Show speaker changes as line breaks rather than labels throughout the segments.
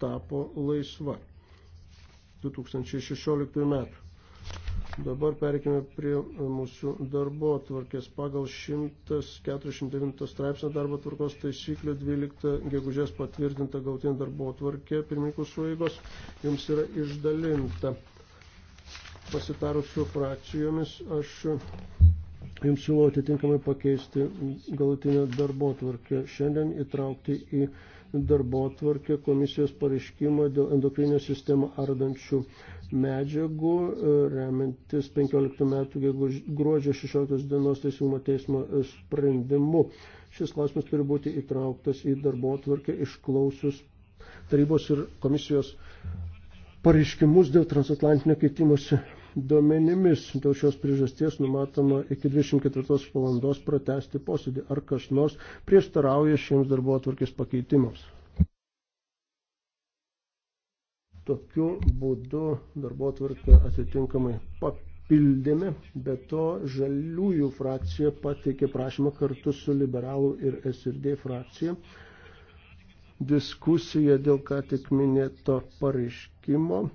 tapo laisva 2016 metų. Dabar perkime prie mūsų darbo tvarkės pagal 149 straipsnio darbo tvarkos taisyklių 12 gegužės patvirtinta gautinė darbo tvarkė pirmininkų sueigos jums yra išdalinta. Pasitarus su frakcijomis aš jums siūlau atitinkamai pakeisti galutinę darbo tvarkę. Šiandien įtraukti į darbo tvarkę komisijos pareiškimą dėl endokrinio sistemą ardančių medžiagų, e, remiantis 15 metų gruodžio 16 dienos teisingumo teismo sprendimu. Šis klausimas turi būti įtrauktas į darbo tvarkę išklausius tarybos ir komisijos pareiškimus dėl transatlantinio keitimosi duomenimis. Dėl šios priežasties numatoma iki 24 valandos pratesti posėdį. Ar kas nors prieštarauja šiems darbo atvarkės pakeitimams? Tokiu būdu darbo atvarkę atitinkamai papildėme, bet to žaliųjų frakcija pateikė prašymą kartu su liberalų ir SRD frakcija diskusiją dėl ką tik minėto pareiškimo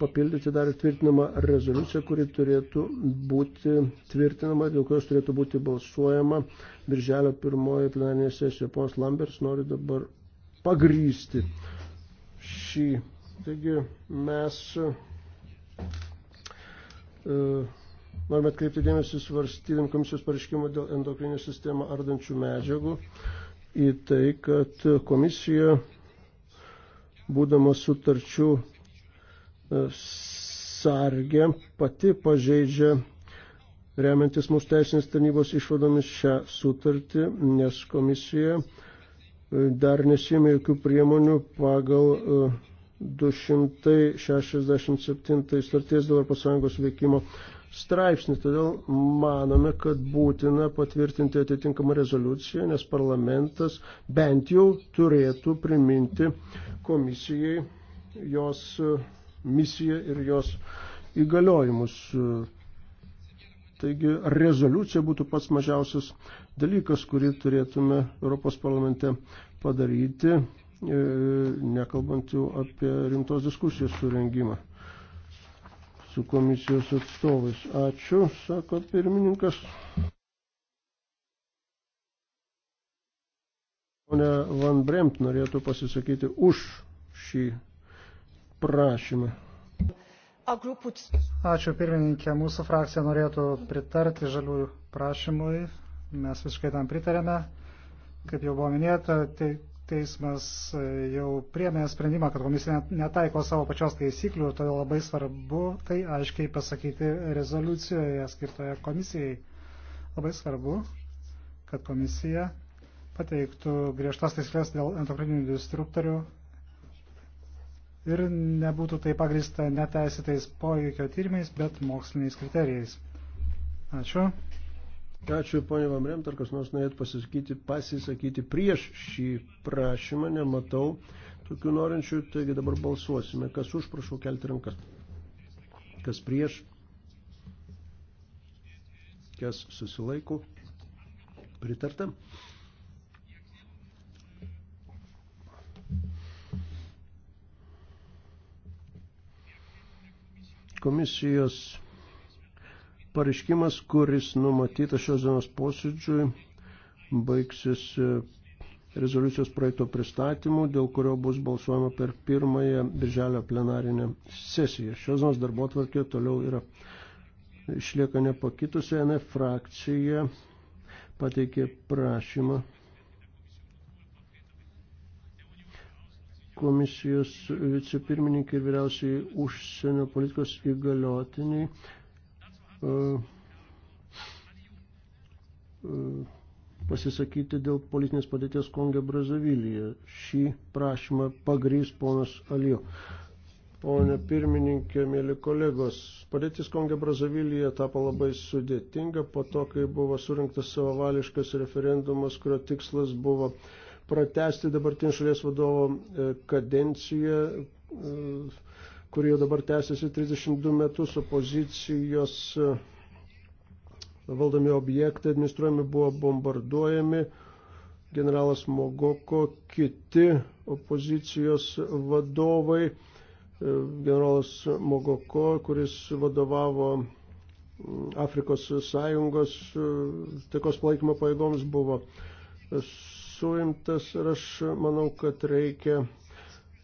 papildyti dar tvirtinamą rezoliuciją, kuri turėtų būti tvirtinama, dėl kurios turėtų būti balsuojama. Birželio pirmoji plenarinė sesija. Pons Lambers nori dabar pagrysti šį. Taigi mes uh, norime atkreipti dėmesį svarstydami komisijos pareiškimą dėl endokrinę sistemą ardančių medžiagų į tai, kad komisija būdamas sutarčių sargė pati pažeidžia remiantis mūsų teisinės tarnybos išvadomis šią sutartį, nes komisija e, dar nesėmė jokių priemonių pagal 267 e, starties dėl Europos Sąjungos veikimo straipsnį. Todėl manome, kad būtina patvirtinti atitinkamą rezoliuciją, nes parlamentas bent jau turėtų priminti komisijai jos e, misiją ir jos įgaliojimus. Taigi rezoliucija būtų pats mažiausias dalykas, kurį turėtume Europos parlamente padaryti, e, nekalbant jau apie rimtos diskusijos surengimą su komisijos atstovais. Ačiū, sako pirmininkas. Pone Van Bremt norėtų pasisakyti už šį prašymą. Ačiū
pirmininkė, mūsų frakcija norėtų pritarti žaliųjų prašymui, mes visiškai tam pritarėme. Kaip jau buvo minėta, tai teismas e, jau priemė sprendimą, kad komisija netaiko savo pačios taisyklių, todėl labai svarbu tai aiškiai pasakyti rezoliucijoje skirtoje komisijai. Labai svarbu, kad komisija pateiktų griežtas taisyklės dėl endokrininių disruptorių ir nebūtų tai pagrįsta neteisėtais poveikio tyrimais, bet moksliniais kriterijais. Ačiū. Ačiū, ponė Vamrem, ar kas nors norėtų
pasisakyti, pasisakyti prieš šį prašymą, nematau tokių norinčių, taigi dabar balsuosime. Kas už, prašau kelti rankas. Kas prieš, kas susilaiko, pritarta. komisijos pareiškimas, kuris numatytas šios dienos posėdžiui, baigsis e, rezoliucijos projekto pristatymu, dėl kurio bus balsuojama per pirmąją birželio plenarinę sesiją. Šios dienos darbo tvarkė toliau yra išlieka nepakitusi, NF frakcija pateikė prašymą komisijos vicepirmininkai ir vyriausiai užsienio politikos įgaliotiniai e, e, pasisakyti dėl politinės padėties Konge Brazavilyje. Šį prašymą pagrys ponas Alijo. Pone pirmininkė, mėly kolegos, padėtis Konge Brazavilyje tapo labai sudėtinga po to, kai buvo surinktas savavališkas referendumas, kurio tikslas buvo uh, pratesti dabartinį šalies vadovo e, kadenciją, e, kuri jau dabar tęsiasi 32 metus, opozicijos e, valdomi objektai administruojami buvo bombarduojami, generalas Mogoko, kiti opozicijos vadovai, generalas Mogoko, kuris vadovavo mm, Afrikos sąjungos taikos palaikymo paėgoms buvo suimtas ir aš manau, kad reikia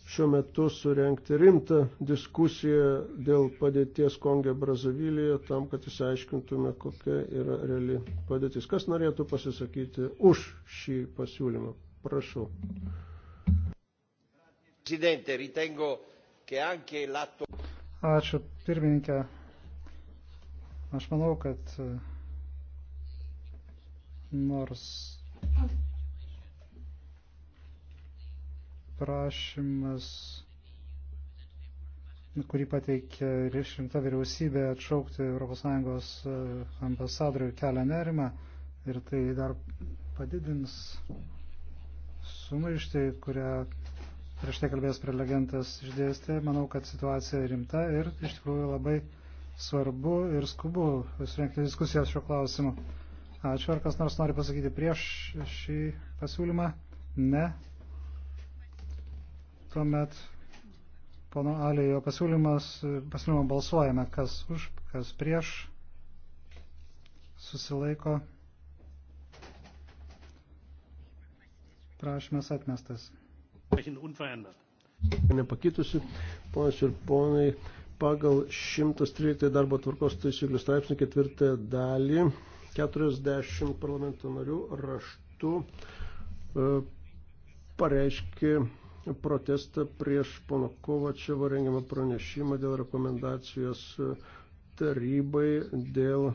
šiuo metu surenkti rimtą diskusiją dėl padėties Kongė Brazavilyje, tam, kad įsiaiškintume, kokia yra reali padėtis. Kas norėtų pasisakyti
už šį pasiūlymą? Prašau. Ačiū, pirmininkė. Aš manau, kad nors prašymas, kurį pateikė išrinkta vyriausybė atšaukti ES e, ambasadorių kelią nerimą ir tai dar padidins sumaištį, kurią prieš tai kalbės prelegentas išdėstė. Manau, kad situacija rimta ir iš tikrųjų labai svarbu ir skubu surinkti diskusijas šiuo klausimu. Ačiū, ar kas nors nori pasakyti prieš šį pasiūlymą? Ne. Tuomet pono Alėjo pasiūlymas, pasiūlymą balsuojame, kas už, kas prieš, susilaiko. Prašymas atmestas.
Nepakitusi, ponas ir ponai, pagal 113 darbo tvarkos taisyklių straipsnį ketvirtą dalį 40 parlamento narių raštu e, pareiškė protestą prieš pono Kovačevo rengiamą pranešimą dėl rekomendacijos e, tarybai dėl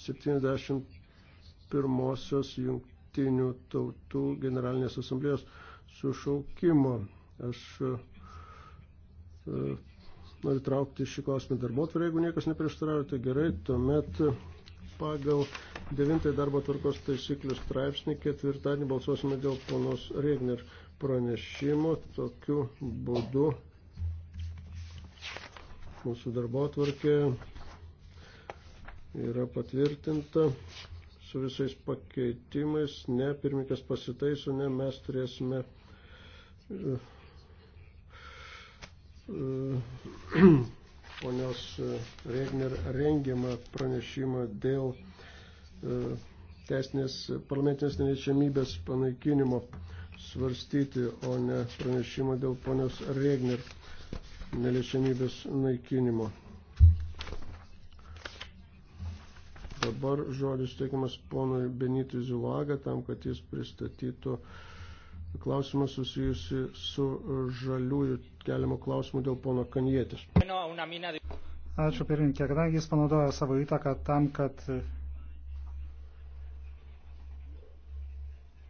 71-osios jungtinių tautų generalinės asamblėjos sušaukimo. Aš e, e, noriu traukti šį klausimą darbo tvarę, jeigu niekas neprieštarauja, tai gerai, tuomet pagal 9 darbo tvarkos taisyklių straipsnį ketvirtadienį balsuosime dėl ponos Regner pranešimų. Tokiu būdu mūsų darbo atvarkė yra patvirtinta su visais pakeitimais. Ne, pirmininkas pasitaiso, ne, mes turėsime e, e, ponios Regner rengiamą pranešimą dėl e, teisinės parlamentinės neliečiamybės panaikinimo svarstyti, o ne pranešimą dėl ponios Regner neliečiamybės naikinimo. Dabar žodis teikiamas ponui Benitui Zilaga tam, kad jis pristatytų klausimą susijusi su žaliųjų
keliamo klausimu dėl pono Kanjėtis. Ačiū pirmininkė, kadangi jis panaudojo savo įtaką tam, kad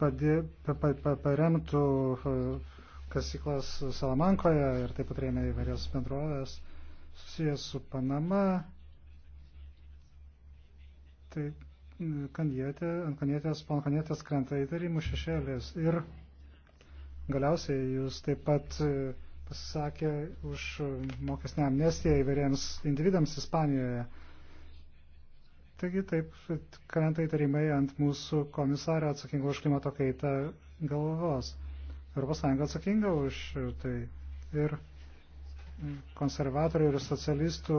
padė, pa, pa, paremtų e, kasyklas Salamankoje ir taip pat rėmė įvairias bendrovės susijęs su Panama. Tai e, kandietė, ant kandietės, pan kandietės krenta įtarimų šešėlės. Ir galiausiai jūs taip pat e, pasisakė už mokesnę amnestiją įvairiems individams Ispanijoje. Taigi taip krenta įtarimai ant mūsų komisaro atsakingo už klimato kaitą galvos. ES atsakinga už tai. Ir konservatorių ir socialistų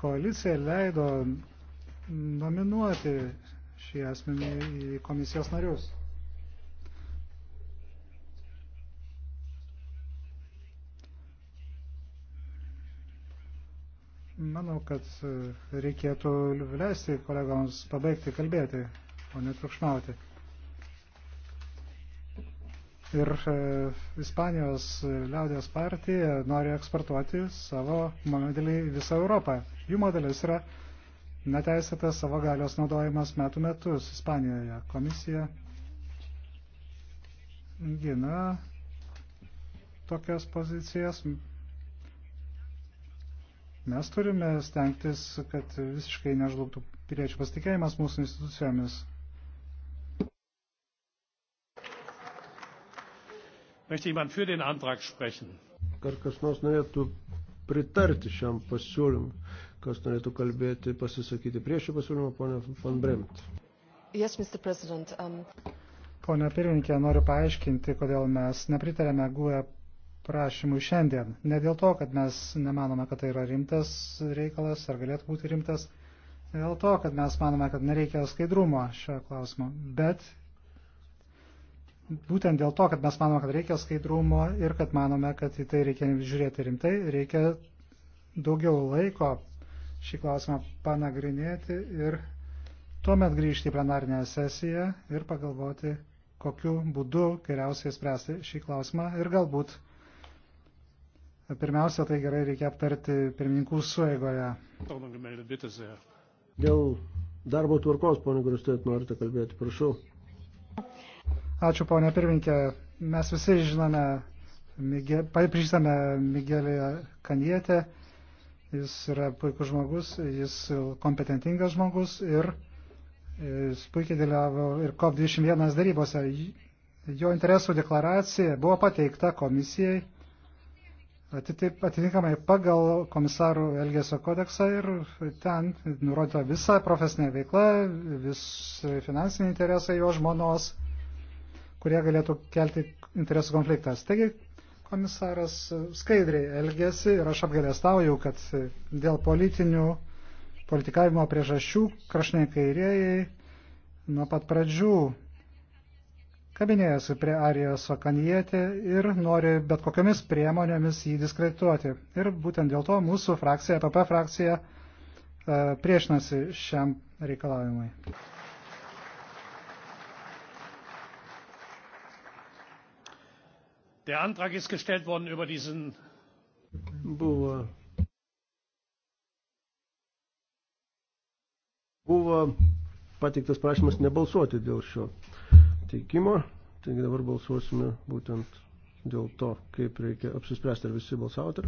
koalicija leido nominuoti šį asmenį į komisijos narius. Manau, kad e, reikėtų leisti kolegoms pabaigti kalbėti, o ne triukšmauti. Ir e, Ispanijos liaudės partija nori eksportuoti savo modelį visą Europą. Jų modelis yra neteisėtas savo galios naudojimas metų metus Ispanijoje. Komisija gina tokias pozicijas, Mes turime stengtis, kad visiškai nežlugtų piliečių pasitikėjimas mūsų institucijomis. Möchte jemand für den Antrag sprechen?
Ar kas nors norėtų pritarti šiam pasiūlymui? Kas norėtų kalbėti, pasisakyti prieš šį pasiūlymą, ponia Van Bremt? Yes, Mr. President. Um...
Pone pirmininkė, noriu paaiškinti, kodėl mes nepritarėme GUE prašymų šiandien. Ne dėl to, kad mes nemanome, kad tai yra rimtas reikalas ar galėtų būti rimtas, ne dėl to, kad mes manome, kad nereikia skaidrumo šio klausimo, bet būtent dėl to, kad mes manome, kad reikia skaidrumo ir kad manome, kad į tai reikia žiūrėti rimtai, reikia daugiau laiko šį klausimą panagrinėti ir tuomet grįžti į plenarinę sesiją ir pagalvoti, kokiu būdu geriausiai spręsti šį klausimą ir galbūt Pirmiausia, tai gerai reikia aptarti pirmininkų suėgoje. Dėl darbo tvarkos, ponė Grustėt, norite kalbėti, prašau. Ačiū, ponė pirmininkė. Mes visi žinome, pažįstame Migelį Kanietę. Jis yra puikus žmogus, jis kompetentingas žmogus ir jis puikiai dėliavo ir COP21 darybose. Jo interesų deklaracija buvo pateikta komisijai atitinkamai pagal komisarų Elgesio kodeksą ir ten nurodyta visa profesinė veikla, visi finansiniai interesai jo žmonos, kurie galėtų kelti interesų konfliktas. Taigi komisaras skaidriai elgesi ir aš apgalėstauju, kad dėl politinių politikavimo priežasčių krašniai kairieji nuo pat pradžių kabinėjasi prie Arijos Okanietė ir nori bet kokiamis priemonėmis jį diskredituoti. Ir būtent dėl to mūsų frakcija, PP frakcija, e, priešinasi šiam reikalavimui. Der Antrag ist gestellt worden über diesen
buvo, buvo pateiktas prašymas nebalsuoti dėl šio pateikimo. Taigi dabar balsuosime būtent dėl to, kaip reikia apsispręsti, ar visi balsavote.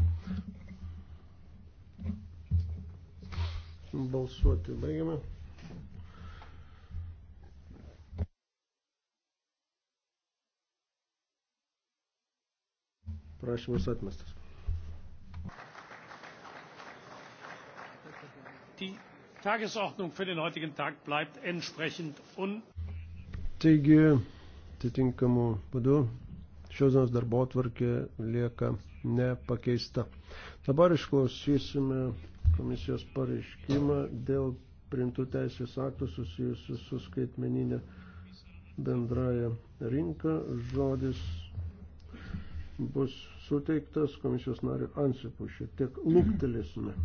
Balsuoti baigiame. Prašymas
atmestas. Die Tagesordnung für den heutigen Tag bleibt entsprechend un
Taigi, atitinkamų būdų šios dienos darbo tvarkė lieka nepakeista. Dabar išklausysime komisijos pareiškimą dėl primtų teisės aktų susijusių su skaitmeninė bendraja rinka. Žodis bus suteiktas komisijos nariu Ansipu. Šiek tiek lūktelėsime.